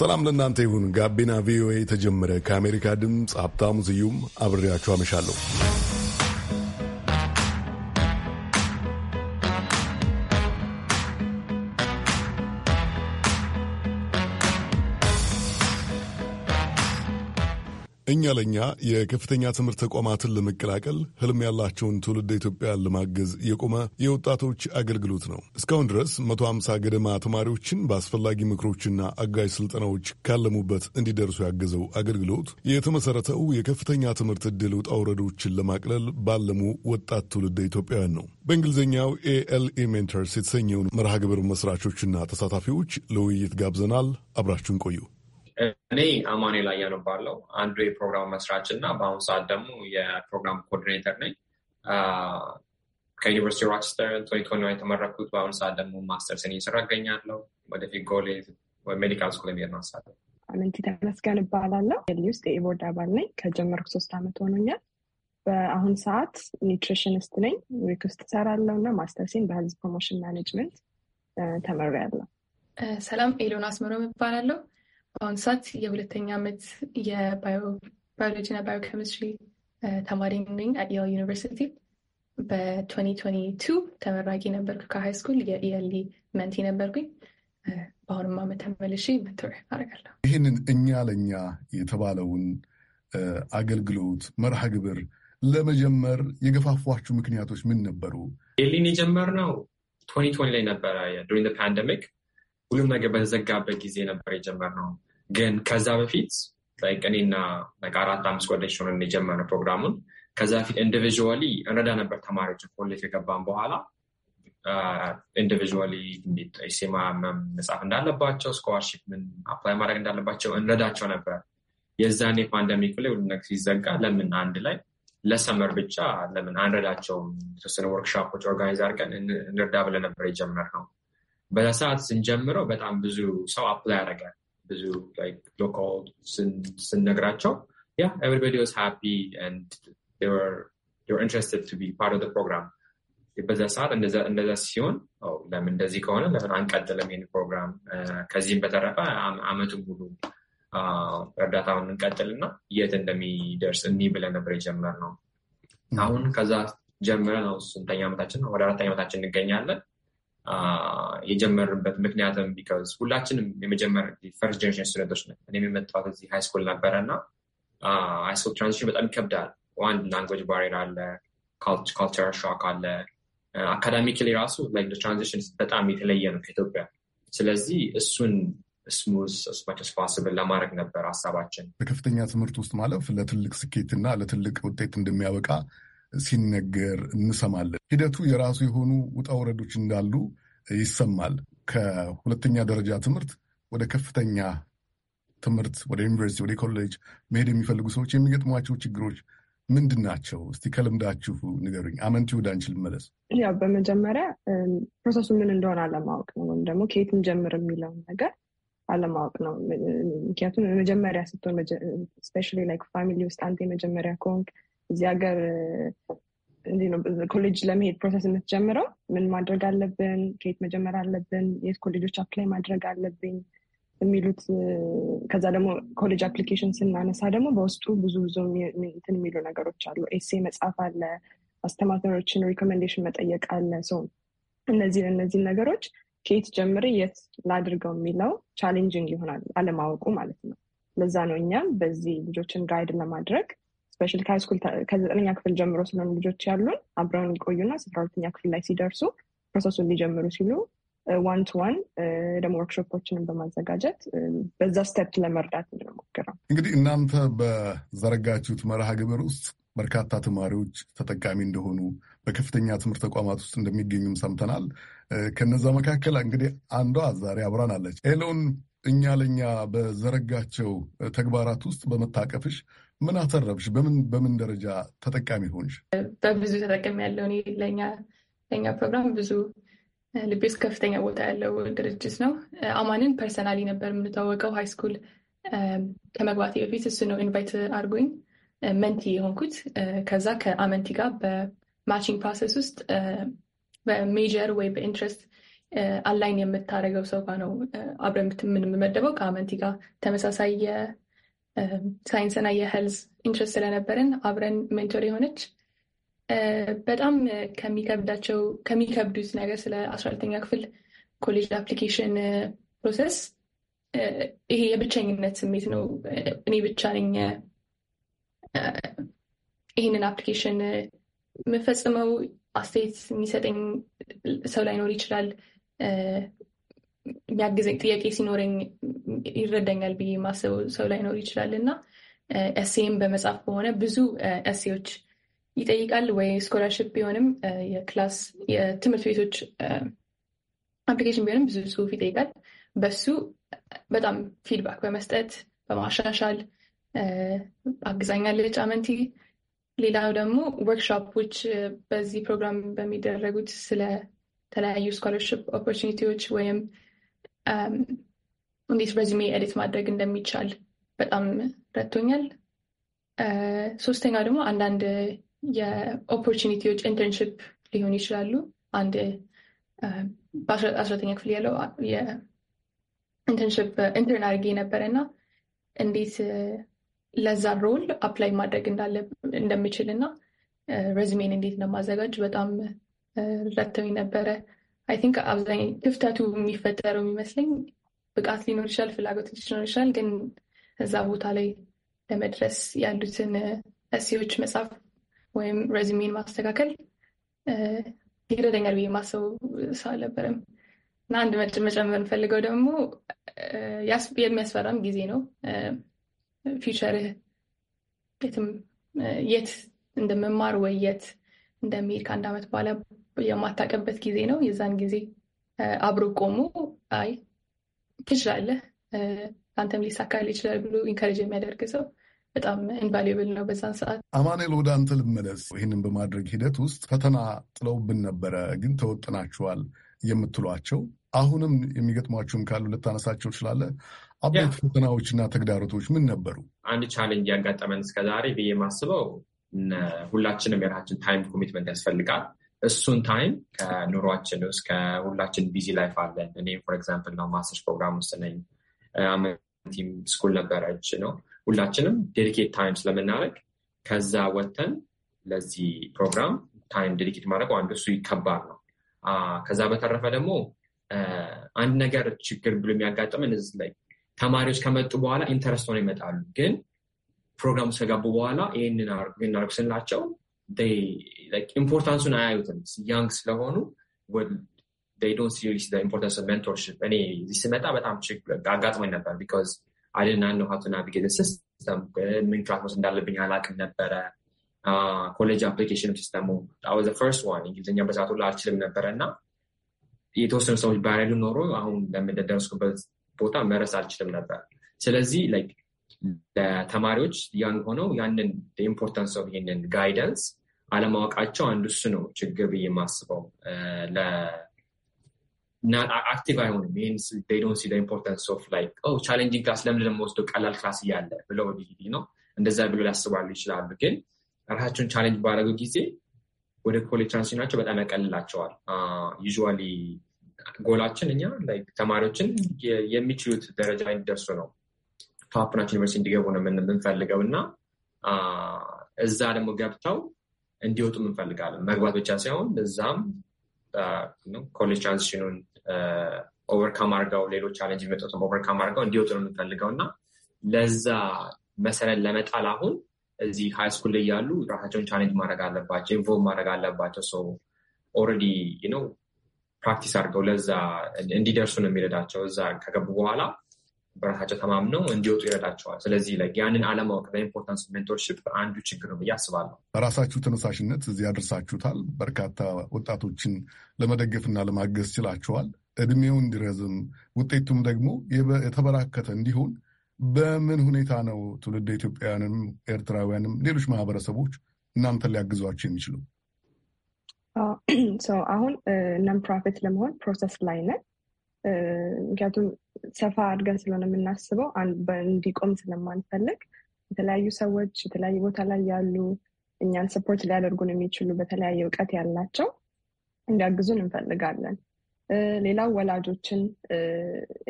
ሰላም ለእናንተ ይሁን። ጋቢና ቪኦኤ የተጀመረ ከአሜሪካ ድምፅ ሀብታሙ ስዩም አብሬያችሁ አመሻለሁ። ለእኛ የከፍተኛ ትምህርት ተቋማትን ለመቀላቀል ህልም ያላቸውን ትውልድ ኢትዮጵያን ለማገዝ የቆመ የወጣቶች አገልግሎት ነው። እስካሁን ድረስ 150 ገደማ ተማሪዎችን በአስፈላጊ ምክሮችና አጋዥ ስልጠናዎች ካለሙበት እንዲደርሱ ያገዘው አገልግሎት የተመሰረተው የከፍተኛ ትምህርት ዕድል ውጣ ውረዶችን ለማቅለል ባለሙ ወጣት ትውልድ ኢትዮጵያውያን ነው። በእንግሊዝኛው ኤኤልኢ ሜንተርስ የተሰኘውን መርሃ ግብር መስራቾችና ተሳታፊዎች ለውይይት ጋብዘናል። አብራችሁን ቆዩ። እኔ አማኔ ላይ ያነባለው አንዱ የፕሮግራም መስራች እና በአሁኑ ሰዓት ደግሞ የፕሮግራም ኮኦርዲኔተር ነኝ። ከዩኒቨርሲቲ ሮችስተር ቶኒኮኒ የተመረኩት በአሁኑ ሰዓት ደግሞ ማስተርሴን እየሰራ እገኛለሁ። ወደፊት ጎሌ ሜዲካል ስኩል የሚሄድ ማሳለ አመንቲ ተመስገን እባላለሁ። ሊ ውስጥ የኢቦርድ አባል ነኝ። ከጀመርኩ ሶስት ዓመት ሆኖኛል። በአሁን ሰዓት ኒውትሪሽኒስት ነኝ። ዊክ ውስጥ እሰራለሁ እና ማስተርሴን በሄልዝ ፕሮሞሽን ማኔጅመንት ተመሪያለሁ። ሰላም ኤሎን አስመሮም እባላለሁ። በአሁኑ ሰዓት የሁለተኛ ዓመት የባዮሎጂ እና ባዮኬሚስትሪ ተማሪ ነኝ። የኤል ዩኒቨርሲቲ በ2022 ተመራቂ ነበርኩ። ከሃይ ስኩል የኢኤልኢ መንቲ ነበርኩኝ። በአሁኑም ዓመት ተመልሼ መንቶር አደርጋለሁ። ይህንን እኛ ለእኛ የተባለውን አገልግሎት መርሃ ግብር ለመጀመር የገፋፏችሁ ምክንያቶች ምን ነበሩ? ኤልኢን የጀመርነው ቶኒ ላይ ነበረ ዱሪንግ ፓንደሚክ ሁሉም ነገር በተዘጋበት ጊዜ ነበር የጀመርነው። ግን ከዛ በፊት እኔና አራት አምስት ጓደኞች ሆነን የጀመርነው ፕሮግራሙን። ከዛ በፊት ኢንዲቪዥዋሊ እንረዳ ነበር ተማሪዎች ኮሌጅ ከገባን በኋላ ኢንዲቪዥዋሊ ሴማ መጻፍ እንዳለባቸው ስኮላርሺፕ ምን አፕላይ ማድረግ እንዳለባቸው እንረዳቸው ነበር። የዛኔ ፓንደሚክ ላይ ሁሉ ነገር ሲዘጋ ለምን አንድ ላይ ለሰመር ብቻ ለምን አንረዳቸውም? የተወሰነ ወርክሾፖች ኦርጋናይዝ አድርገን እንርዳ ብለን ነበር የጀመርነው። በዛ ሰዓት ስንጀምረው በጣም ብዙ ሰው አፕላይ ያደረጋል። ብዙ ሎካል ስንነግራቸው ያ ኤቨሪባዲ ዋዝ ሃፒ ኤንድ ኢንትረስትድ ቱ ቢ ፓርት ኦፍ ፕሮግራም። በዛ ሰዓት እንደዛ ሲሆን ለምን እንደዚህ ከሆነ ለምን አንቀጥልም ይህን ፕሮግራም ከዚህም በተረፈ አመቱን ሙሉ እርዳታውን እንቀጥልና የት እንደሚደርስ እኒ ብለን ነበር የጀመርነው። አሁን ከዛ ነው ስንተኛ ዓመታችን ነው? ወደ አራተኛ ዓመታችን እንገኛለን። የጀመርንበት ምክንያትም ቢካዝ ሁላችንም የመጀመር ፈርስት ጀኔሬሽን ስቱደንቶች ነ እኔም የመጣሁት እዚህ ሃይስኩል ነበረ እና ሃይስኩል ትራንዚሽን በጣም ይከብዳል። አንድ ላንጉጅ ባሪር አለ፣ ካልቸር ሾክ አለ። አካዳሚክሊ ራሱ ትራንዚሽን በጣም የተለየ ነው ከኢትዮጵያ። ስለዚህ እሱን ስሙዝ ለማድረግ ነበር ሀሳባችን። በከፍተኛ ትምህርት ውስጥ ማለፍ ለትልቅ ስኬትና ለትልቅ ውጤት እንደሚያበቃ ሲነገር እንሰማለን። ሂደቱ የራሱ የሆኑ ውጣ ውረዶች እንዳሉ ይሰማል። ከሁለተኛ ደረጃ ትምህርት ወደ ከፍተኛ ትምህርት ወደ ዩኒቨርሲቲ፣ ወደ ኮሌጅ መሄድ የሚፈልጉ ሰዎች የሚገጥሟቸው ችግሮች ምንድን ናቸው? እስቲ ከልምዳችሁ ንገሩኝ። አመንቲ ወደ አንቺ ልመለስ። ያው በመጀመሪያ ፕሮሰሱ ምን እንደሆነ አለማወቅ ነው፣ ወይም ደግሞ ከየት ጀምር የሚለውን ነገር አለማወቅ ነው። ምክንያቱም የመጀመሪያ ስትሆን ስፔሻሊ ላይክ ፋሚሊ ውስጥ አንተ የመጀመሪያ ከሆንክ እዚህ ሀገር እንዲህ ነው ኮሌጅ ለመሄድ ፕሮሰስ የምትጀምረው። ምን ማድረግ አለብን፣ ከየት መጀመር አለብን፣ የት ኮሌጆች አፕላይ ማድረግ አለብኝ የሚሉት ከዛ ደግሞ ኮሌጅ አፕሊኬሽን ስናነሳ ደግሞ በውስጡ ብዙ ብዙ እንትን የሚሉ ነገሮች አሉ። ኤሴ መጻፍ አለ፣ አስተማሪዎችን ሪኮሜንዴሽን መጠየቅ አለ። ሰው እነዚህ እነዚህን ነገሮች ከየት ጀምር የት ላድርገው የሚለው ቻሌንጂንግ ይሆናል፣ አለማወቁ ማለት ነው። ለዛ ነው እኛም በዚህ ልጆችን ጋይድ ለማድረግ ስፔሻሊ ከሃይስኩል ከዘጠነኛ ክፍል ጀምሮ ስለሆኑ ልጆች ያሉን አብረውን ሊቆዩና አስራ ሁለተኛ ክፍል ላይ ሲደርሱ ፕሮሰሱን ሊጀምሩ ሲሉ ዋን ቱ ዋን ደግሞ ወርክሾፖችንም በማዘጋጀት በዛ ስቴፕ ለመርዳት እንድንሞክረው እንግዲህ እናንተ በዘረጋችሁት መርሃ ግብር ውስጥ በርካታ ተማሪዎች ተጠቃሚ እንደሆኑ በከፍተኛ ትምህርት ተቋማት ውስጥ እንደሚገኙም ሰምተናል። ከነዛ መካከል እንግዲህ አንዷ ዛሬ አብራን አለች። ኤሎን፣ እኛ ለእኛ በዘረጋቸው ተግባራት ውስጥ በመታቀፍሽ ምን አተረብሽ? በምን በምን ደረጃ ተጠቃሚ ሆንሽ? በብዙ ተጠቃሚ ያለው እኔ ፕሮግራም ብዙ ልቤ ውስጥ ከፍተኛ ቦታ ያለው ድርጅት ነው። አማንን ፐርሰናሊ ነበር የምታወቀው ሃይስኩል ከመግባቴ በፊት እሱ ነው ኢንቫይት አድርጎኝ መንቲ የሆንኩት። ከዛ ከአመንቲ ጋር በማቺንግ ፕሮሰስ ውስጥ በሜጀር ወይ በኢንትረስት አላይን የምታደርገው ሰው ጋር ነው አብረን የምንመደበው። ከአመንቲ ጋር ተመሳሳይ ሳይንስና የሄልዝ ኢንትረስት ስለነበረን አብረን ሜንቶር የሆነች በጣም ከሚከብዳቸው ከሚከብዱት ነገር ስለ አስራ ሁለተኛ ክፍል ኮሌጅ አፕሊኬሽን ፕሮሰስ ይሄ የብቸኝነት ስሜት ነው። እኔ ብቻ ነኝ ይህንን አፕሊኬሽን የምፈጽመው። አስተያየት የሚሰጠኝ ሰው ላይኖር ይችላል። የሚያግዘኝ ጥያቄ ሲኖረኝ ይረዳኛል ብዬ የማስበው ሰው ላይኖር ይችላል እና ኤሴም በመጻፍ በሆነ ብዙ ኤሴዎች ይጠይቃል ወይ ስኮላርሽፕ ቢሆንም የክላስ የትምህርት ቤቶች አፕሊኬሽን ቢሆንም ብዙ ጽሁፍ ይጠይቃል። በሱ በጣም ፊድባክ በመስጠት በማሻሻል አግዛኛለች አመንቲ። ሌላው ደግሞ ወርክሾፖች በዚህ ፕሮግራም በሚደረጉት ስለ ተለያዩ ስኮላርሽፕ ኦፖርቹኒቲዎች ወይም Um, እንዴት ረዝሜ ኤዲት ማድረግ እንደሚቻል በጣም ረቶኛል ሶስተኛ ደግሞ አንዳንድ የኦፖርቹኒቲዎች ኢንተርንሽፕ ሊሆኑ ይችላሉ። አንድ በአስራተኛ ክፍል ያለው የኢንተርንሽፕ ኢንተርን አድርጌ ነበረ እና እንዴት ለዛ ሮል አፕላይ ማድረግ እንደምችል እና ረዝሜን እንዴት እንደማዘጋጅ በጣም ረድተውኝ ነበረ። አይ ቲንክ አብዛኛ ክፍተቱ የሚፈጠረው የሚመስለኝ ብቃት ሊኖር ይችላል፣ ፍላጎት ሊኖር ይችላል። ግን እዛ ቦታ ላይ ለመድረስ ያሉትን እሴዎች መጻፍ ወይም ረዝሜን ማስተካከል ይረዳኛል ብዬ ማሰቡ ሰው አልነበረም እና አንድ መጨመር እንፈልገው ደግሞ የሚያስፈራም ጊዜ ነው። ፊውቸርህ የትም የት እንደመማር ወይ የት እንደሚሄድ ከአንድ ዓመት በኋላ የማታቀበት ጊዜ ነው። የዛን ጊዜ አብሮ ቆሞ አይ ትችላለህ፣ አንተም ሊሳካል ይችላል ብሎ ኢንካሬጅ የሚያደርግ ሰው በጣም ኢንቫሊብል ነው በዛን ሰዓት። አማኔል፣ ወደ አንተ ልመለስ። ይህንን በማድረግ ሂደት ውስጥ ፈተና ጥለውብን ነበረ፣ ግን ተወጥናችኋል የምትሏቸው አሁንም የሚገጥሟችሁም ካሉ ልታነሳቸው ትችላለህ። አበይት ፈተናዎች እና ተግዳሮቶች ምን ነበሩ? አንድ ቻሌንጅ ያጋጠመን እስከዛሬ ብዬ ማስበው ሁላችንም የራችን ታይም ኮሚትመንት ያስፈልጋል። እሱን ታይም ከኑሯችን ውስጥ ከሁላችን ቢዚ ላይፍ አለን። እኔ ፎር ኤግዛምፕል ነው ማስተርስ ፕሮግራም ውስጥ ነኝ። አመቲም ስኩል ነበረች ነው ሁላችንም ዴዲኬት ታይም ስለምናደርግ ከዛ ወተን ለዚህ ፕሮግራም ታይም ዴዲኬት ማድረግ አንዱ እሱ ይከባድ ነው። ከዛ በተረፈ ደግሞ አንድ ነገር ችግር ብሎ የሚያጋጥምን እዚህ ላይ ተማሪዎች ከመጡ በኋላ ኢንተረስት ሆነው ይመጣሉ። ግን ፕሮግራም ውስጥ በኋላ ይህንን አድርጉ ስንላቸው ኢምፖርታንሱን አያዩትም። ያንግ ስለሆኑ ዶንት ኢምፖርታንስ ሜንቶርሽፕ። እኔ እዚህ ስመጣ በጣም አጋጥሞኝ ነበር ቢኮዝ አይደና ነው ሀቱ ናቪጌት ሲስተም ምን ክላስ እንዳለብኝ አላቅም ነበረ። ኮሌጅ አፕሊኬሽን ሲስተሙ ፈርስት ዋን እንግሊዝኛ በሰዓቱ ላይ አልችልም ነበረ እና የተወሰኑ ሰዎች ባያሉ ኖሮ አሁን ለምደደረስኩበት ቦታ መረስ አልችልም ነበር። ስለዚህ ለተማሪዎች ያን ሆነው ያንን ኢምፖርታንስ ኦፍ ይህንን ጋይደንስ አለማወቃቸው አንዱ እሱ ነው ችግር ብዬ የማስበው። አክቲቭ አይሆንም። ይህን ሲ ኢምፖርታንስ ኦፍ ላይክ ቻሌንጂንግ ክላስ ለምንድን ነው ቀላል ክላስ እያለ ብለው ነው እንደዛ ብሎ ሊያስባሉ ይችላሉ። ግን ራሳቸውን ቻሌንጅ ባደረገው ጊዜ ወደ ኮሌጅ ትራንዚሽናቸው በጣም ያቀልላቸዋል። ዩዋሊ ጎላችን እኛ ተማሪዎችን የሚችሉት ደረጃ እንዲደርሱ ነው ከአፕናቸው ዩኒቨርሲቲ እንዲገቡ ነው የምንፈልገው እና እዛ ደግሞ ገብተው እንዲወጡ እንፈልጋለን። መግባት ብቻ ሳይሆን እዛም ኮሌጅ ትራንዚሽኑን ኦቨርካም አርገው ሌሎች ቻለንጅ የሚመጡትም ኦቨርካም አርገው እንዲወጡ ነው የምንፈልገው እና ለዛ መሰረት ለመጣል አሁን እዚህ ሃይ ስኩል ላይ ያሉ ራሳቸውን ቻሌንጅ ማድረግ አለባቸው፣ ኢንቮልቭ ማድረግ አለባቸው። ሰው ኦልሬዲ ነው ፕራክቲስ አድርገው ለዛ እንዲደርሱ ነው የሚረዳቸው። እዛ ከገቡ በኋላ በራሳቸው ተማምነው እንዲወጡ ይረዳቸዋል። ስለዚህ ያንን አለማወቅ በኢምፖርታንስ ሜንቶርሽፕ አንዱ ችግር ነው ብዬ አስባለሁ። በራሳችሁ ተነሳሽነት እዚህ ያደርሳችሁታል። በርካታ ወጣቶችን ለመደገፍና ለማገዝ ችላችኋል። እድሜው እንዲረዝም ውጤቱም ደግሞ የተበራከተ እንዲሆን በምን ሁኔታ ነው ትውልድ ኢትዮጵያውያንም ኤርትራውያንም ሌሎች ማህበረሰቦች እናንተን ሊያግዟቸው የሚችሉ? አሁን ነን uh, ፕሮፌት ለመሆን ፕሮሰስ ላይ ነን። ምክንያቱም ሰፋ አድርገን ስለሆነ የምናስበው እንዲቆም ስለማንፈልግ የተለያዩ ሰዎች የተለያዩ ቦታ ላይ ያሉ እኛን ሰፖርት ሊያደርጉን የሚችሉ በተለያየ እውቀት ያላቸው እንዲያግዙን እንፈልጋለን። ሌላው ወላጆችን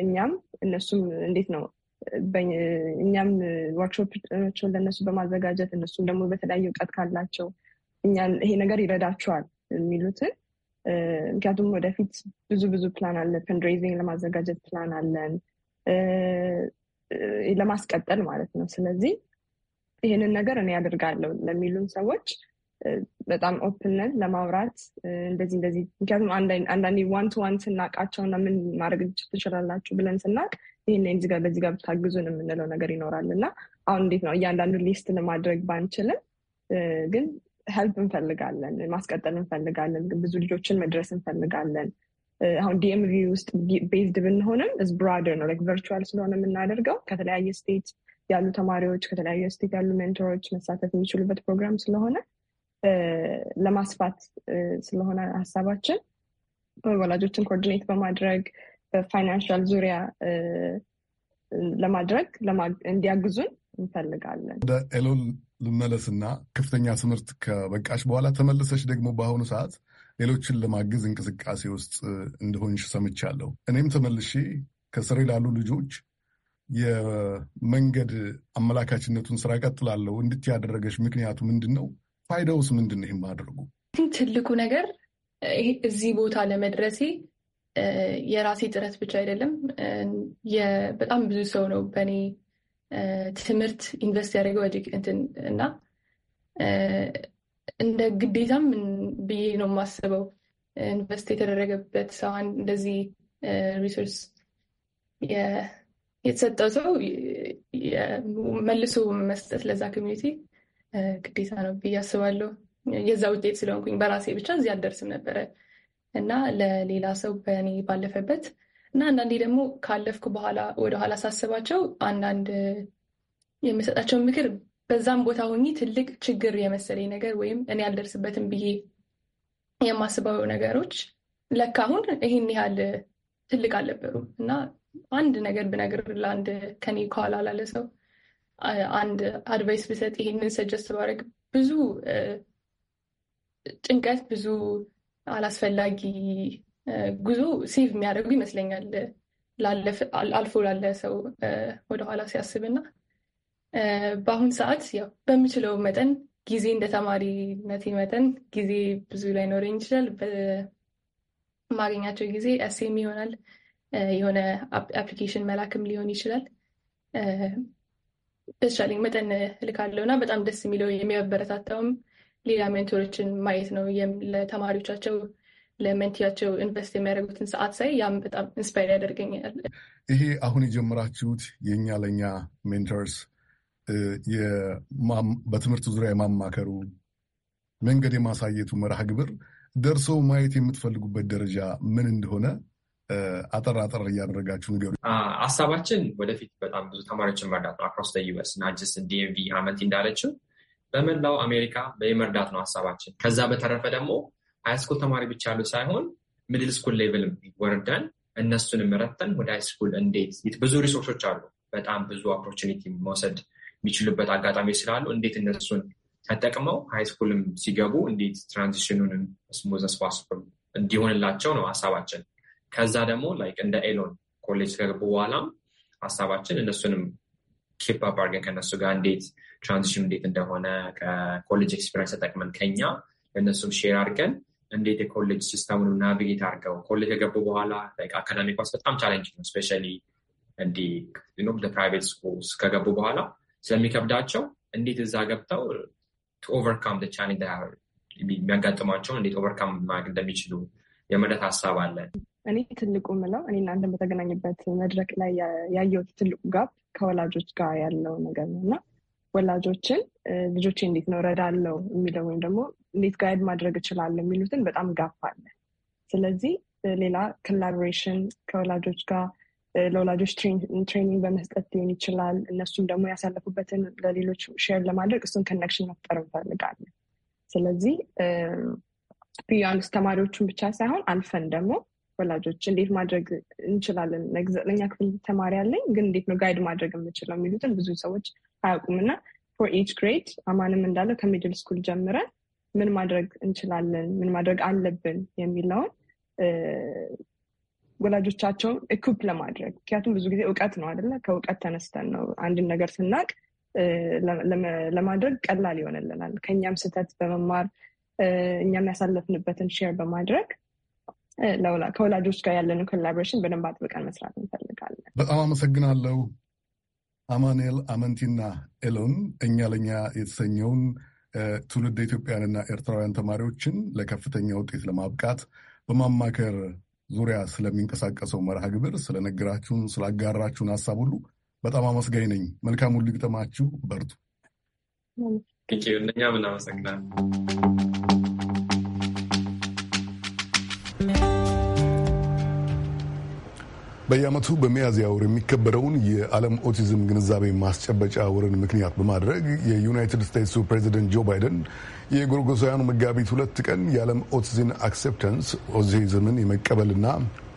እኛም እነሱም እንዴት ነው እኛም ወርክሾፖችን ለእነሱ በማዘጋጀት እነሱም ደግሞ በተለያየ እውቀት ካላቸው እኛን ይሄ ነገር ይረዳቸዋል የሚሉትን ምክንያቱም ወደፊት ብዙ ብዙ ፕላን አለ። ፈንድሬዚንግ ለማዘጋጀት ፕላን አለን ለማስቀጠል ማለት ነው። ስለዚህ ይህንን ነገር እኔ ያደርጋለሁ ለሚሉን ሰዎች በጣም ኦፕንነት ለማውራት እንደዚህ እንደዚህ ምክንያቱም አንዳንዴ ዋን ቱ ዋን ስናውቃቸውና ምን ማድረግ ትችላላችሁ ብለን ስናቅ ይህን ጋር በዚህ ጋር ብታግዙን የምንለው ነገር ይኖራል እና አሁን እንዴት ነው እያንዳንዱ ሊስት ለማድረግ ባንችልም ግን ሄልፕ እንፈልጋለን፣ ማስቀጠል እንፈልጋለን፣ ብዙ ልጆችን መድረስ እንፈልጋለን። አሁን ዲኤምቪ ውስጥ ቤዝድ ብንሆንም እዝ ብራደር ነው ቨርቹዋል ስለሆነ የምናደርገው ከተለያየ ስቴት ያሉ ተማሪዎች ከተለያዩ ስቴት ያሉ ሜንቶሮች መሳተፍ የሚችሉበት ፕሮግራም ስለሆነ ለማስፋት ስለሆነ ሀሳባችን ወላጆችን ኮኦርዲኔት በማድረግ በፋይናንሻል ዙሪያ ለማድረግ እንዲያግዙን እንፈልጋለን። ኤሎን ልመለስና ከፍተኛ ትምህርት ከበቃሽ በኋላ ተመለሰች ደግሞ በአሁኑ ሰዓት ሌሎችን ለማገዝ እንቅስቃሴ ውስጥ እንደሆንሽ ሰምቻለሁ። እኔም ተመልሼ ከስሬ ላሉ ልጆች የመንገድ አመላካችነቱን ስራ ቀጥላለሁ። እንድት ያደረገች ምክንያቱ ምንድን ነው? ፋይዳውስ ምንድን ነው? ይህም አድርጉ ትልቁ ነገር እዚህ ቦታ ለመድረሴ የራሴ ጥረት ብቻ አይደለም። በጣም ብዙ ሰው ነው በእኔ ትምህርት ዩኒቨርስቲ ያደረገው እንትን እና እንደ ግዴታም ብዬ ነው የማስበው። ኢንቨስት የተደረገበት ሰው እንደዚህ ሪሶርስ የተሰጠው ሰው መልሶ መስጠት ለዛ ኮሚኒቲ ግዴታ ነው ብዬ አስባለሁ። የዛ ውጤት ስለሆንኩኝ በራሴ ብቻ እዚህ አልደርስም ነበረ እና ለሌላ ሰው በእኔ ባለፈበት እና አንዳንዴ ደግሞ ካለፍኩ በኋላ ወደኋላ ሳስባቸው አንዳንድ የሚሰጣቸውን ምክር በዛም ቦታ ሆኚ ትልቅ ችግር የመሰለኝ ነገር ወይም እኔ ያልደርስበትም ብዬ የማስበው ነገሮች ለካ አሁን ይህን ያህል ትልቅ አልነበሩም እና አንድ ነገር ብነግር ለአንድ ከኔ ከኋላ ላለ ሰው አንድ አድቫይስ ብሰጥ ይሄንን ሰጀስት ባደርግ ብዙ ጭንቀት፣ ብዙ አላስፈላጊ ጉዞ ሴቭ የሚያደርጉ ይመስለኛል አልፎ ላለ ሰው ወደኋላ ሲያስብና በአሁን ሰዓት ያው በምችለው መጠን ጊዜ እንደ ተማሪነት መጠን ጊዜ ብዙ ላይኖረኝ ይችላል። በማገኛቸው ጊዜ ኤሴም ይሆናል፣ የሆነ አፕሊኬሽን መላክም ሊሆን ይችላል። በተቻለኝ መጠን እልካለሁ እና በጣም ደስ የሚለው የሚያበረታታውም ሌላ ሜንቶሮችን ማየት ነው ለተማሪዎቻቸው ለመንቲያቸው ኢንቨስት የሚያደርጉትን ሰዓት ሳይ ያም በጣም ኢንስፓየር ያደርገኛል። ይሄ አሁን የጀመራችሁት የእኛ ለእኛ ሜንተርስ በትምህርት ዙሪያ የማማከሩ መንገድ የማሳየቱ መርሃ ግብር ደርሰው ማየት የምትፈልጉበት ደረጃ ምን እንደሆነ አጠር አጠር እያደረጋችሁ ንገሩ። ሀሳባችን ወደፊት በጣም ብዙ ተማሪዎችን መርዳት ነው። አክሮስ ዩስ እና ጅስ ዲኤምቪ አመት እንዳለችው በመላው አሜሪካ በየመርዳት ነው ሀሳባችን። ከዛ በተረፈ ደግሞ ሃይስኩል ተማሪ ብቻ ያሉ ሳይሆን ሚድል ስኩል ሌቭልም ወርደን እነሱንም ረተን ወደ ሃይስኩል እንዴት ብዙ ሪሶርሶች አሉ። በጣም ብዙ ኦፖርቹኒቲ መውሰድ የሚችሉበት አጋጣሚ ስላሉ እንዴት እነሱን ተጠቅመው ሃይስኩልም ሲገቡ እንዴት ትራንዚሽኑንም ስሙዝ ስፓስብል እንዲሆንላቸው ነው ሀሳባችን። ከዛ ደግሞ ላይክ እንደ ኤሎን ኮሌጅ ከገቡ በኋላም ሀሳባችን እነሱንም ኬፕ አፕ አድርገን ከእነሱ ጋር እንዴት ትራንዚሽን እንዴት እንደሆነ ከኮሌጅ ኤክስፒሪንስ ተጠቅመን ከኛ ለእነሱም ሼር አድርገን እንዴት የኮሌጅ ሲስተሙን ናቪጌት አድርገው ኮሌጅ ከገቡ በኋላ አካዳሚክ ዋስ በጣም ቻለንጅ ነው። ስፔሻሊ እንዲህ ፕራይቬት ስኩልስ ከገቡ በኋላ ስለሚከብዳቸው እንዴት እዛ ገብተው ቱ ኦቨርካም ቻሌንጅ የሚያጋጥሟቸውን እንዴት ኦቨርካም ማድረግ እንደሚችሉ የመረት ሀሳብ አለ። እኔ ትልቁ ምለው እኔ እናንተ በተገናኝበት መድረክ ላይ ያየሁት ትልቁ ጋፕ ከወላጆች ጋር ያለው ነገር ነው እና ወላጆችን ልጆቼ እንዴት ነው ረዳለው የሚለው ወይም ደግሞ እንዴት ጋይድ ማድረግ እችላለሁ የሚሉትን በጣም ጋፍ አለ። ስለዚህ ሌላ ኮላቦሬሽን ከወላጆች ጋር ለወላጆች ትሬኒንግ በመስጠት ሊሆን ይችላል። እነሱም ደግሞ ያሳለፉበትን ለሌሎች ሼር ለማድረግ እሱን ኮኔክሽን መፍጠር እንፈልጋለን። ስለዚህ ቢያንስ ተማሪዎቹን ብቻ ሳይሆን አልፈን ደግሞ ወላጆች እንዴት ማድረግ እንችላለን፣ ዘጠነኛ ክፍል ተማሪ አለኝ ግን እንዴት ነው ጋይድ ማድረግ የምችለው የሚሉትን ብዙ ሰዎች አያውቁም እና ፎር ኢች ግሬድ አማንም እንዳለው ከሚድል ስኩል ጀምረን ምን ማድረግ እንችላለን፣ ምን ማድረግ አለብን የሚለውን ወላጆቻቸውን ኢኩፕ ለማድረግ ምክንያቱም ብዙ ጊዜ እውቀት ነው አይደለ? ከእውቀት ተነስተን ነው አንድን ነገር ስናቅ ለማድረግ ቀላል ይሆንልናል። ከእኛም ስህተት በመማር እኛም ያሳለፍንበትን ሼር በማድረግ ከወላጆች ጋር ያለንን ኮላቦሬሽን በደንብ አጥብቀን መስራት እንፈልጋለን። በጣም አመሰግናለሁ። አማኑኤል አመንቲና ኤሎን እኛ ለእኛ የተሰኘውን ትውልድ ኢትዮጵያንና ኤርትራውያን ተማሪዎችን ለከፍተኛ ውጤት ለማብቃት በማማከር ዙሪያ ስለሚንቀሳቀሰው መርሃ ግብር ስለነገራችሁን፣ ስላጋራችሁን ሀሳብ ሁሉ በጣም አመስጋኝ ነኝ። መልካም ሁሉ ይግጠማችሁ፣ በርቱ። እኛም እናመሰግናለን። በየዓመቱ በሚያዝያ ወር የሚከበረውን የዓለም ኦቲዝም ግንዛቤ ማስጨበጫ ወርን ምክንያት በማድረግ የዩናይትድ ስቴትሱ ፕሬዚደንት ጆ ባይደን የጎርጎሳውያኑ መጋቢት ሁለት ቀን የዓለም ኦቲዝም አክሴፕተንስ ኦቲዝምን የመቀበልና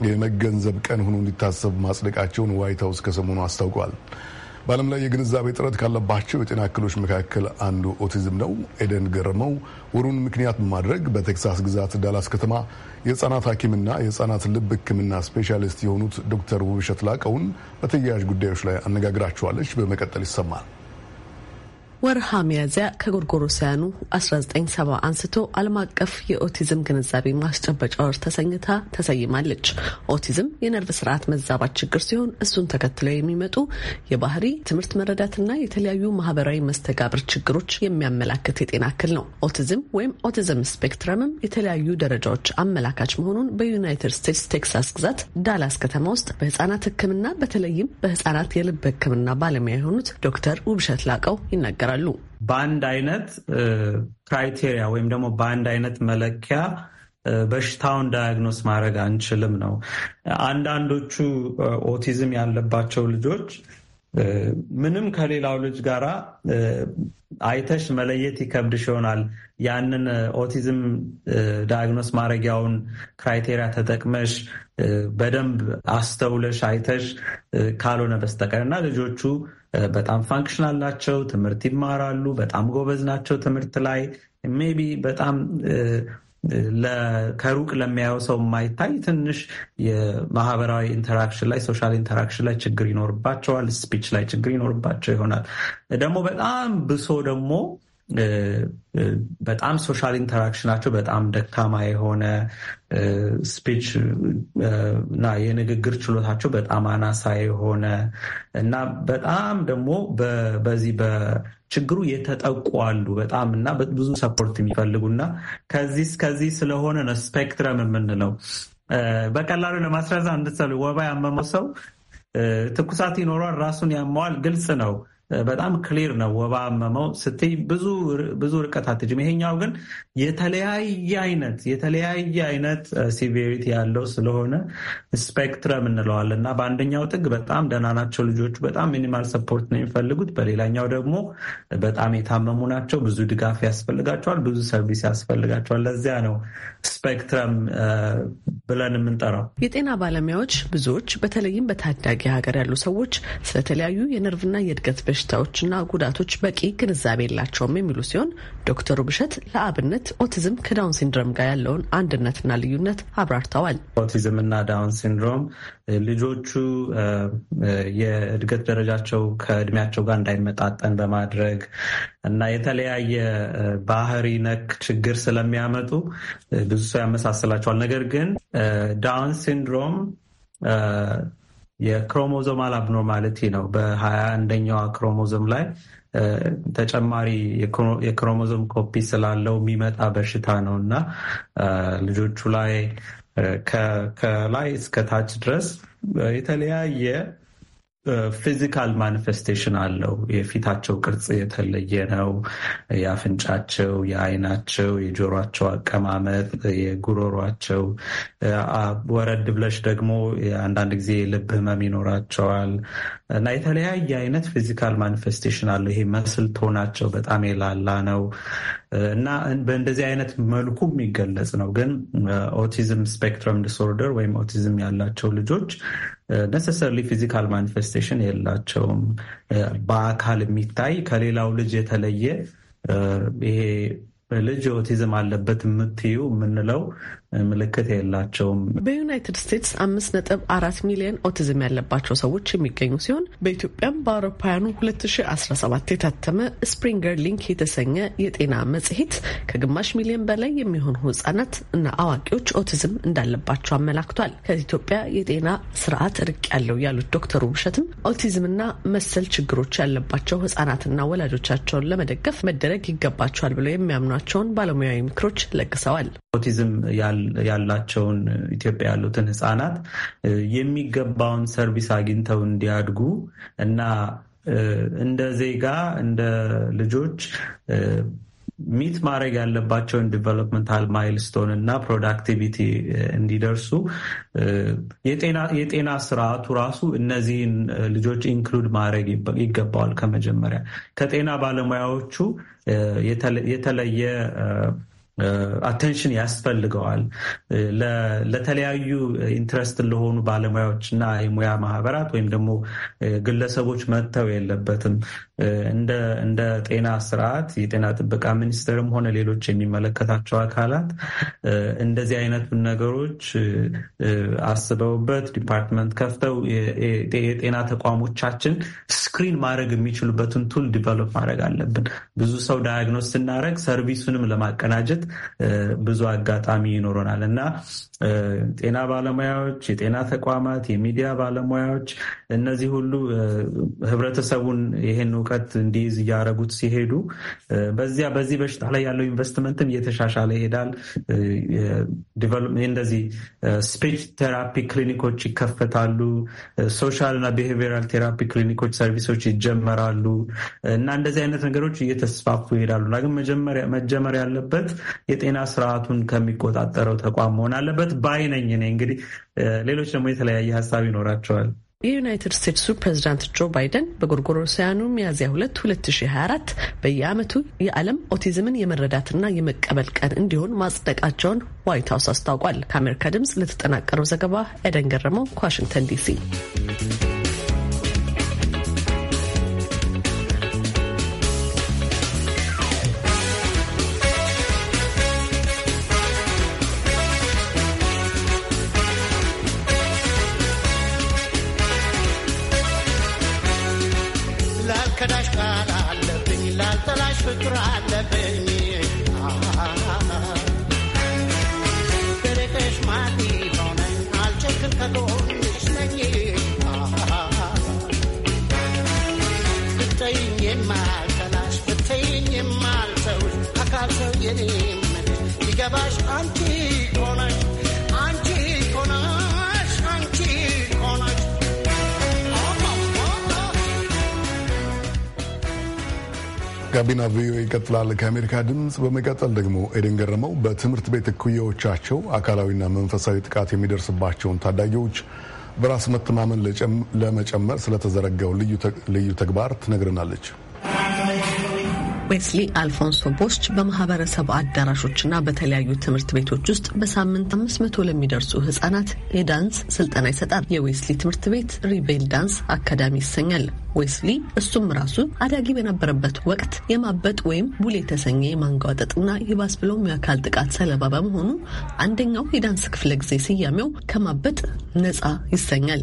የመገንዘብ ቀን ሆኖ እንዲታሰብ ማጽደቃቸውን ዋይት ሀውስ ከሰሞኑ አስታውቋል። በዓለም ላይ የግንዛቤ ጥረት ካለባቸው የጤና እክሎች መካከል አንዱ ኦቲዝም ነው። ኤደን ገረመው ወሩን ምክንያት በማድረግ በቴክሳስ ግዛት ዳላስ ከተማ የህፃናት ሐኪምና የህፃናት ልብ ሕክምና ስፔሻሊስት የሆኑት ዶክተር ውብሸት ላቀውን በተያያዥ ጉዳዮች ላይ አነጋግራቸዋለች። በመቀጠል ይሰማል። ወርሃ ሚያዝያ ከጎርጎሮሳውያኑ 1970 አንስቶ ዓለም አቀፍ የኦቲዝም ግንዛቤ ማስጨበጫ ወር ተሰኝታ ተሰይማለች። ኦቲዝም የነርቭ ስርዓት መዛባት ችግር ሲሆን እሱን ተከትለው የሚመጡ የባህሪ ትምህርት መረዳትና የተለያዩ ማህበራዊ መስተጋብር ችግሮች የሚያመላክት የጤና እክል ነው። ኦቲዝም ወይም ኦቲዝም ስፔክትረምም የተለያዩ ደረጃዎች አመላካች መሆኑን በዩናይትድ ስቴትስ ቴክሳስ ግዛት ዳላስ ከተማ ውስጥ በህጻናት ህክምና በተለይም በህጻናት የልብ ህክምና ባለሙያ የሆኑት ዶክተር ውብሸት ላቀው ይናገራል። ይኖራሉ። በአንድ አይነት ክራይቴሪያ ወይም ደግሞ በአንድ አይነት መለኪያ በሽታውን ዳያግኖስ ማድረግ አንችልም ነው። አንዳንዶቹ ኦቲዝም ያለባቸው ልጆች ምንም ከሌላው ልጅ ጋራ አይተሽ መለየት ይከብድሽ ይሆናል ያንን ኦቲዝም ዳያግኖስ ማድረጊያውን ክራይቴሪያ ተጠቅመሽ በደንብ አስተውለሽ አይተሽ ካልሆነ በስተቀር እና ልጆቹ በጣም ፋንክሽናል ናቸው፣ ትምህርት ይማራሉ፣ በጣም ጎበዝ ናቸው ትምህርት ላይ ሜቢ በጣም ከሩቅ ለሚያየው ሰው የማይታይ ትንሽ የማህበራዊ ኢንተራክሽን ላይ ሶሻል ኢንተራክሽን ላይ ችግር ይኖርባቸዋል። ስፒች ላይ ችግር ይኖርባቸው ይሆናል። ደግሞ በጣም ብሶ ደግሞ በጣም ሶሻል ኢንተራክሽናቸው በጣም ደካማ የሆነ ስፒች እና የንግግር ችሎታቸው በጣም አናሳ የሆነ እና በጣም ደግሞ በዚህ በችግሩ የተጠቁ አሉ በጣም እና ብዙ ሰፖርት የሚፈልጉ እና ከዚህ ከዚህ ስለሆነ ነው ስፔክትረም የምንለው። በቀላሉ ለማስረዛ እንድትሰሉ ወባ ያመመው ሰው ትኩሳት ይኖሯል፣ ራሱን ያመዋል፣ ግልጽ ነው። በጣም ክሊር ነው። ወባ አመመው ስትይ ብዙ ርቀት አትጅም። ይሄኛው ግን የተለያየ አይነት የተለያየ አይነት ሲቪሪቲ ያለው ስለሆነ ስፔክትረም እንለዋለን እና በአንደኛው ጥግ በጣም ደህና ናቸው ልጆቹ፣ በጣም ሚኒማል ሰፖርት ነው የሚፈልጉት። በሌላኛው ደግሞ በጣም የታመሙ ናቸው፣ ብዙ ድጋፍ ያስፈልጋቸዋል፣ ብዙ ሰርቪስ ያስፈልጋቸዋል። ለዚያ ነው ስፔክትረም ብለን የምንጠራው። የጤና ባለሙያዎች ብዙዎች በተለይም በታዳጊ ሀገር ያሉ ሰዎች ስለተለያዩ የነርቭና የእድገት በሽ በሽታዎችና ጉዳቶች በቂ ግንዛቤ የላቸውም የሚሉ ሲሆን ዶክተሩ ብሸት ለአብነት ኦቲዝም ከዳውን ሲንድሮም ጋር ያለውን አንድነትና ልዩነት አብራርተዋል። ኦቲዝም እና ዳውን ሲንድሮም ልጆቹ የእድገት ደረጃቸው ከእድሜያቸው ጋር እንዳይመጣጠን በማድረግ እና የተለያየ ባህሪ ነክ ችግር ስለሚያመጡ ብዙ ሰው ያመሳስላቸዋል። ነገር ግን ዳውን ሲንድሮም የክሮሞዞማል አብኖርማልቲ ነው። በሀያ አንደኛዋ ክሮሞዞም ላይ ተጨማሪ የክሮሞዞም ኮፒ ስላለው የሚመጣ በሽታ ነው እና ልጆቹ ላይ ከላይ እስከ ታች ድረስ የተለያየ ፊዚካል ማኒፌስቴሽን አለው። የፊታቸው ቅርጽ የተለየ ነው። የአፍንጫቸው፣ የአይናቸው የጆሯቸው አቀማመጥ፣ የጉሮሯቸው፣ ወረድ ብለሽ ደግሞ አንዳንድ ጊዜ የልብ ህመም ይኖራቸዋል እና የተለያየ አይነት ፊዚካል ማኒፌስቴሽን አለው። ይሄ መስል ቶናቸው በጣም የላላ ነው እና በእንደዚህ አይነት መልኩ የሚገለጽ ነው። ግን ኦቲዝም ስፔክትረም ዲስኦርደር ወይም ኦቲዝም ያላቸው ልጆች ነሰሰርሊ ፊዚካል ማኒፌስቴሽን የላቸውም። በአካል የሚታይ ከሌላው ልጅ የተለየ ይሄ ልጅ ኦቲዝም አለበት የምትዩ የምንለው ምልክት የላቸውም። በዩናይትድ ስቴትስ አምስት ነጥብ አራት ሚሊዮን ኦቲዝም ያለባቸው ሰዎች የሚገኙ ሲሆን በኢትዮጵያም በአውሮፓውያኑ 2017 የታተመ ስፕሪንገር ሊንክ የተሰኘ የጤና መጽሔት ከግማሽ ሚሊዮን በላይ የሚሆኑ ህጻናት እና አዋቂዎች ኦቲዝም እንዳለባቸው አመላክቷል። ከኢትዮጵያ የጤና ስርዓት ርቅ ያለው ያሉት ዶክተሩ ውብሸትም ኦቲዝምና መሰል ችግሮች ያለባቸው ህጻናትና ወላጆቻቸውን ለመደገፍ መደረግ ይገባቸዋል ብለው የሚያምኗቸውን ባለሙያዊ ምክሮች ለግሰዋል። ኦቲዝም ያለ ያላቸውን ኢትዮጵያ ያሉትን ህጻናት የሚገባውን ሰርቪስ አግኝተው እንዲያድጉ እና እንደ ዜጋ እንደ ልጆች ሚት ማድረግ ያለባቸውን ዲቨሎፕመንታል ማይልስቶን እና ፕሮዳክቲቪቲ እንዲደርሱ የጤና ስርዓቱ ራሱ እነዚህን ልጆች ኢንክሉድ ማድረግ ይገባዋል። ከመጀመሪያ ከጤና ባለሙያዎቹ የተለየ አቴንሽን ያስፈልገዋል። ለተለያዩ ኢንትረስት ለሆኑ ባለሙያዎች እና የሙያ ማህበራት ወይም ደግሞ ግለሰቦች መጥተው የለበትም። እንደ ጤና ስርዓት የጤና ጥበቃ ሚኒስቴርም ሆነ ሌሎች የሚመለከታቸው አካላት እንደዚህ አይነቱን ነገሮች አስበውበት ዲፓርትመንት ከፍተው የጤና ተቋሞቻችን ስክሪን ማድረግ የሚችሉበትን ቱል ዲቨሎፕ ማድረግ አለብን። ብዙ ሰው ዳያግኖስ ስናደረግ ሰርቪሱንም ለማቀናጀት ብዙ አጋጣሚ ይኖረናል እና ጤና ባለሙያዎች፣ የጤና ተቋማት፣ የሚዲያ ባለሙያዎች እነዚህ ሁሉ ህብረተሰቡን ይህን እውቀት እንዲይዝ እያደረጉት ሲሄዱ በዚያ በዚህ በሽታ ላይ ያለው ኢንቨስትመንትም እየተሻሻለ ይሄዳል። እንደዚህ ስፒች ቴራፒ ክሊኒኮች ይከፈታሉ። ሶሻል እና ቢሄቪራል ቴራፒ ክሊኒኮች ሰርቪሶች ይጀመራሉ እና እንደዚህ አይነት ነገሮች እየተስፋፉ ይሄዳሉ። ግን መጀመር ያለበት የጤና ስርዓቱን ከሚቆጣጠረው ተቋም መሆን አለበት ነኝ ነ እንግዲህ ሌሎች ደግሞ የተለያየ ሀሳብ ይኖራቸዋል። የዩናይትድ ስቴትሱ ፕሬዚዳንት ጆ ባይደን በጎርጎሮሳውያኑ ሚያዝያ 2 2024 በየዓመቱ የዓለም ኦቲዝምን የመረዳትና የመቀበል ቀን እንዲሆን ማጽደቃቸውን ዋይት ሀውስ አስታውቋል። ከአሜሪካ ድምፅ ለተጠናቀረው ዘገባ ኤደን ገረመው ከዋሽንግተን ዲሲ ጋቢና ቪኦኤ ይቀጥላል። ከአሜሪካ ድምፅ በመቀጠል ደግሞ ኤደን ገረመው በትምህርት ቤት እኩያዎቻቸው አካላዊና መንፈሳዊ ጥቃት የሚደርስባቸውን ታዳጊዎች በራስ መተማመን ለመጨመር ስለተዘረጋው ልዩ ተግባር ትነግረናለች። ዌስሊ አልፎንሶ ቦስች በማህበረሰብ አዳራሾችና በተለያዩ ትምህርት ቤቶች ውስጥ በሳምንት አምስት መቶ ለሚደርሱ ህጻናት የዳንስ ስልጠና ይሰጣል። የዌስሊ ትምህርት ቤት ሪቬል ዳንስ አካዳሚ ይሰኛል። ዌስሊ እሱም ራሱ አዳጊ በነበረበት ወቅት የማበጥ ወይም ቡል የተሰኘ የማንጓጠጥና ይባስ ብሎም የአካል ጥቃት ሰለባ በመሆኑ አንደኛው የዳንስ ክፍለ ጊዜ ስያሜው ከማበጥ ነጻ ይሰኛል።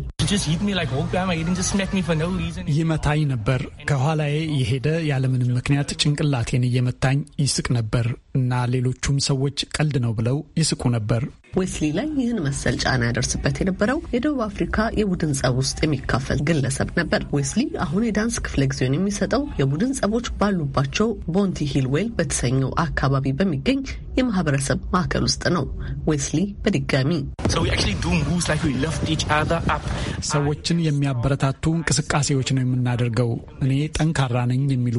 ይመታኝ ነበር። ከኋላዬ የሄደ ያለምንም ምክንያት ጭንቀ ጭንቅላቴን እየመታኝ ይስቅ ነበር እና ሌሎቹም ሰዎች ቀልድ ነው ብለው ይስቁ ነበር ዌስሊ ላይ ይህን መሰል ጫና ያደርስበት የነበረው የደቡብ አፍሪካ የቡድን ጸብ ውስጥ የሚካፈል ግለሰብ ነበር። ዌስሊ አሁን የዳንስ ክፍለ ጊዜውን የሚሰጠው የቡድን ጸቦች ባሉባቸው ቦንቲ ዌል በተሰኘው አካባቢ በሚገኝ የማህበረሰብ ማዕከል ውስጥ ነው። ዌስሊ በድጋሚ ሰዎችን የሚያበረታቱ እንቅስቃሴዎች ነው የምናደርገው። እኔ ጠንካራ ነኝ የሚሉ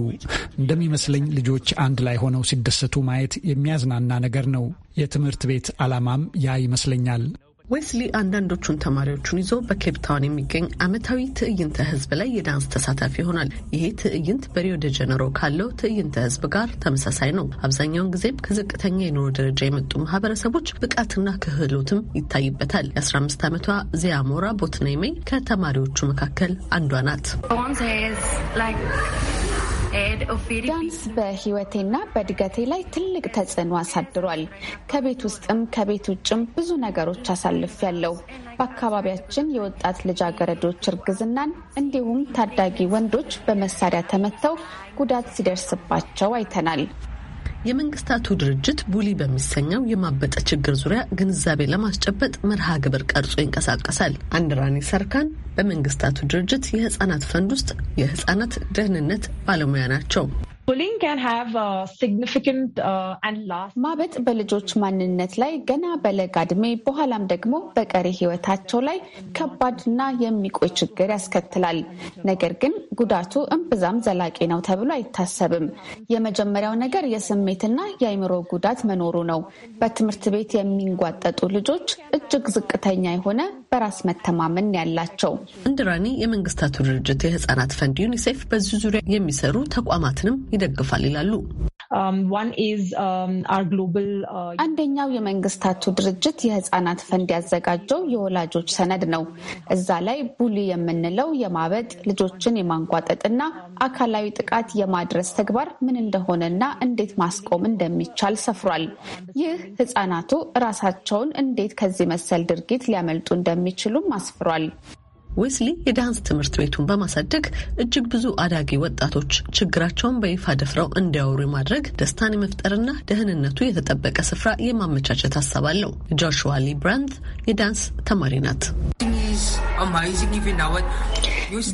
እንደሚመስለኝ ልጆች አንድ ላይ ሆነው ሲደሰቱ ማየት የሚያዝናና ነገር ነው። የትምህርት ቤት ዓላማም ያ ይመስለኛል። ዌስሊ አንዳንዶቹን ተማሪዎቹን ይዞ በኬፕታውን የሚገኝ ዓመታዊ ትዕይንተ ህዝብ ላይ የዳንስ ተሳታፊ ይሆናል። ይሄ ትዕይንት በሪዮ ደ ጀነሮ ካለው ትዕይንተ ህዝብ ጋር ተመሳሳይ ነው። አብዛኛውን ጊዜም ከዝቅተኛ የኑሮ ደረጃ የመጡ ማህበረሰቦች ብቃትና ክህሎትም ይታይበታል። የ15 ዓመቷ ዚያሞራ ቦትናይሜ ከተማሪዎቹ መካከል አንዷ ናት። ዳንስ በህይወቴና በእድገቴ ላይ ትልቅ ተጽዕኖ አሳድሯል። ከቤት ውስጥም ከቤት ውጭም ብዙ ነገሮች ያለው በአካባቢያችን የወጣት ልጃገረዶች እርግዝናን እንዲሁም ታዳጊ ወንዶች በመሳሪያ ተመተው ጉዳት ሲደርስባቸው አይተናል። የመንግስታቱ ድርጅት ቡሊ በሚሰኘው የማበጠ ችግር ዙሪያ ግንዛቤ ለማስጨበጥ መርሃ ግብር ቀርጾ ይንቀሳቀሳል። አንድራኒ ሰርካን በመንግስታቱ ድርጅት የህጻናት ፈንድ ውስጥ የህጻናት ደህንነት ባለሙያ ናቸው። Uh, ማበጥ በልጆች ማንነት ላይ ገና በለጋ ዕድሜ በኋላም ደግሞ በቀሪ ህይወታቸው ላይ ከባድና የሚቆይ ችግር ያስከትላል። ነገር ግን ጉዳቱ እምብዛም ዘላቂ ነው ተብሎ አይታሰብም። የመጀመሪያው ነገር የስሜትና የአይምሮ ጉዳት መኖሩ ነው። በትምህርት ቤት የሚንጓጠጡ ልጆች እጅግ ዝቅተኛ የሆነ በራስ መተማመን ያላቸው። እንድራኒ የመንግስታቱ ድርጅት የህጻናት ፈንድ ዩኒሴፍ በዚህ ዙሪያ የሚሰሩ ተቋማትንም ይደግፋል ይላሉ። um, um, uh, አንደኛው የመንግስታቱ ድርጅት የህፃናት ፈንድ ያዘጋጀው የወላጆች ሰነድ ነው። እዛ ላይ ቡሊ የምንለው የማበጥ ልጆችን የማንቋጠጥና አካላዊ ጥቃት የማድረስ ተግባር ምን እንደሆነና እንዴት ማስቆም እንደሚቻል ሰፍሯል። ይህ ህፃናቱ ራሳቸውን እንዴት ከዚህ መሰል ድርጊት ሊያመልጡ እንደሚችሉም አስፍሯል። ዌስሊ የዳንስ ትምህርት ቤቱን በማሳደግ እጅግ ብዙ አዳጊ ወጣቶች ችግራቸውን በይፋ ደፍረው እንዲያወሩ የማድረግ ደስታን የመፍጠርና ደህንነቱ የተጠበቀ ስፍራ የማመቻቸት ሀሳብ አለው። ጆሹዋ ሊ ብራንት የዳንስ ተማሪ ናት።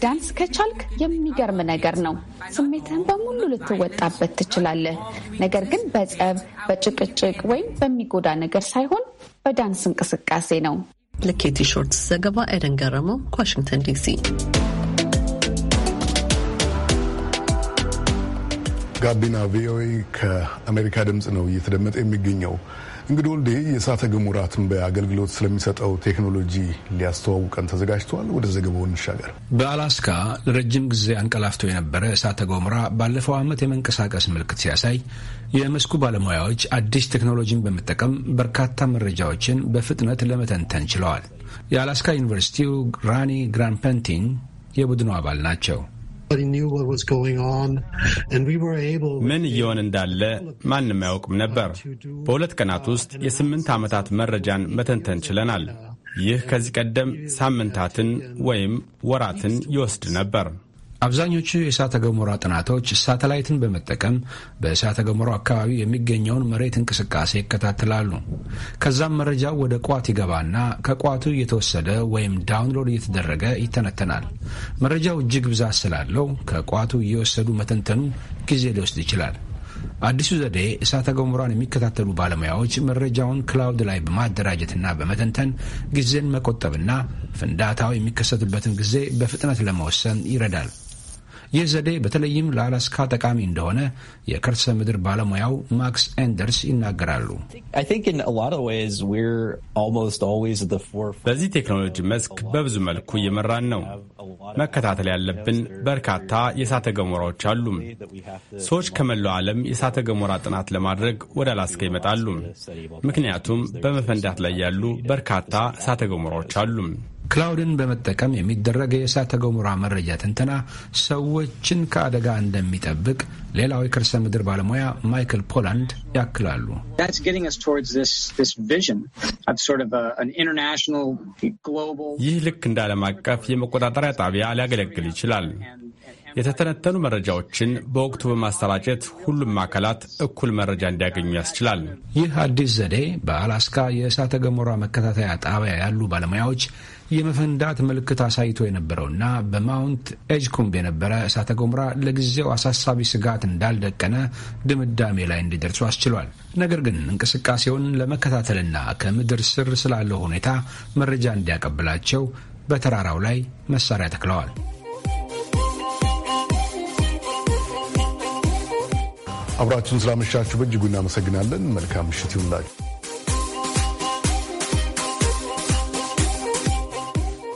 ዳንስ ከቻልክ የሚገርም ነገር ነው። ስሜትህን በሙሉ ልትወጣበት ትችላለህ። ነገር ግን በጸብ፣ በጭቅጭቅ ወይም በሚጎዳ ነገር ሳይሆን በዳንስ እንቅስቃሴ ነው። ለኬቲ ሾርትስ ዘገባ ኤደን ገረመው ከዋሽንግተን ዲሲ። ጋቢና ቪኦኤ ከአሜሪካ ድምፅ ነው እየተደመጠ የሚገኘው። እንግዲህ ወልዴ የእሳተ ገሞራ ትንበያ አገልግሎት ስለሚሰጠው ቴክኖሎጂ ሊያስተዋውቀን ተዘጋጅተዋል። ወደ ዘገባው እንሻገር። በአላስካ ለረጅም ጊዜ አንቀላፍቶ የነበረ እሳተ ገሞራ ባለፈው ዓመት የመንቀሳቀስ ምልክት ሲያሳይ የመስኩ ባለሙያዎች አዲስ ቴክኖሎጂን በመጠቀም በርካታ መረጃዎችን በፍጥነት ለመተንተን ችለዋል። የአላስካ ዩኒቨርሲቲው ራኒ ግራንፐንቲን የቡድኑ አባል ናቸው። ምን እየሆን እንዳለ ማንም አያውቅም ነበር። በሁለት ቀናት uh, ውስጥ የስምንት ዓመታት መረጃን መተንተን ችለናል። uh, ይህ ከዚህ ቀደም ሳምንታትን ወይም ወራትን ይወስድ ነበር። አብዛኞቹ የእሳተ ገሞራ ጥናቶች ሳተላይትን በመጠቀም በእሳተ ገሞራው አካባቢ የሚገኘውን መሬት እንቅስቃሴ ይከታተላሉ። ከዛም መረጃው ወደ ቋት ይገባና ከቋቱ እየተወሰደ ወይም ዳውንሎድ እየተደረገ ይተነተናል። መረጃው እጅግ ብዛት ስላለው ከቋቱ እየወሰዱ መተንተኑ ጊዜ ሊወስድ ይችላል። አዲሱ ዘዴ እሳተ ገሞራን የሚከታተሉ ባለሙያዎች መረጃውን ክላውድ ላይ በማደራጀትና በመተንተን ጊዜን መቆጠብና ፍንዳታው የሚከሰትበትን ጊዜ በፍጥነት ለመወሰን ይረዳል። ይህ ዘዴ በተለይም ለአላስካ ጠቃሚ እንደሆነ የከርሰ ምድር ባለሙያው ማክስ ኤንደርስ ይናገራሉ። በዚህ ቴክኖሎጂ መስክ በብዙ መልኩ እየመራን ነው። መከታተል ያለብን በርካታ የእሳተ ገሞራዎች አሉም። ሰዎች ከመላው ዓለም የእሳተ ገሞራ ጥናት ለማድረግ ወደ አላስካ ይመጣሉ። ምክንያቱም በመፈንዳት ላይ ያሉ በርካታ እሳተ ገሞራዎች አሉም። ክላውድን በመጠቀም የሚደረግ የእሳተ ገሞራ መረጃ ትንተና ሰዎችን ከአደጋ እንደሚጠብቅ ሌላው የከርሰ ምድር ባለሙያ ማይክል ፖላንድ ያክላሉ። ይህ ልክ እንደ ዓለም አቀፍ የመቆጣጠሪያ ጣቢያ ሊያገለግል ይችላል። የተተነተኑ መረጃዎችን በወቅቱ በማሰራጨት ሁሉም አካላት እኩል መረጃ እንዲያገኙ ያስችላል። ይህ አዲስ ዘዴ በአላስካ የእሳተ ገሞራ መከታተያ ጣቢያ ያሉ ባለሙያዎች የመፈንዳት ምልክት አሳይቶ የነበረውና በማውንት ኤጅኩምብ የነበረ እሳተ ገሞራ ለጊዜው አሳሳቢ ስጋት እንዳልደቀነ ድምዳሜ ላይ እንዲደርሱ አስችሏል። ነገር ግን እንቅስቃሴውን ለመከታተልና ከምድር ስር ስላለው ሁኔታ መረጃ እንዲያቀብላቸው በተራራው ላይ መሳሪያ ተክለዋል። አብራችሁን ስላመሻችሁ በእጅጉ እናመሰግናለን። መልካም ምሽት ይሁንላችሁ።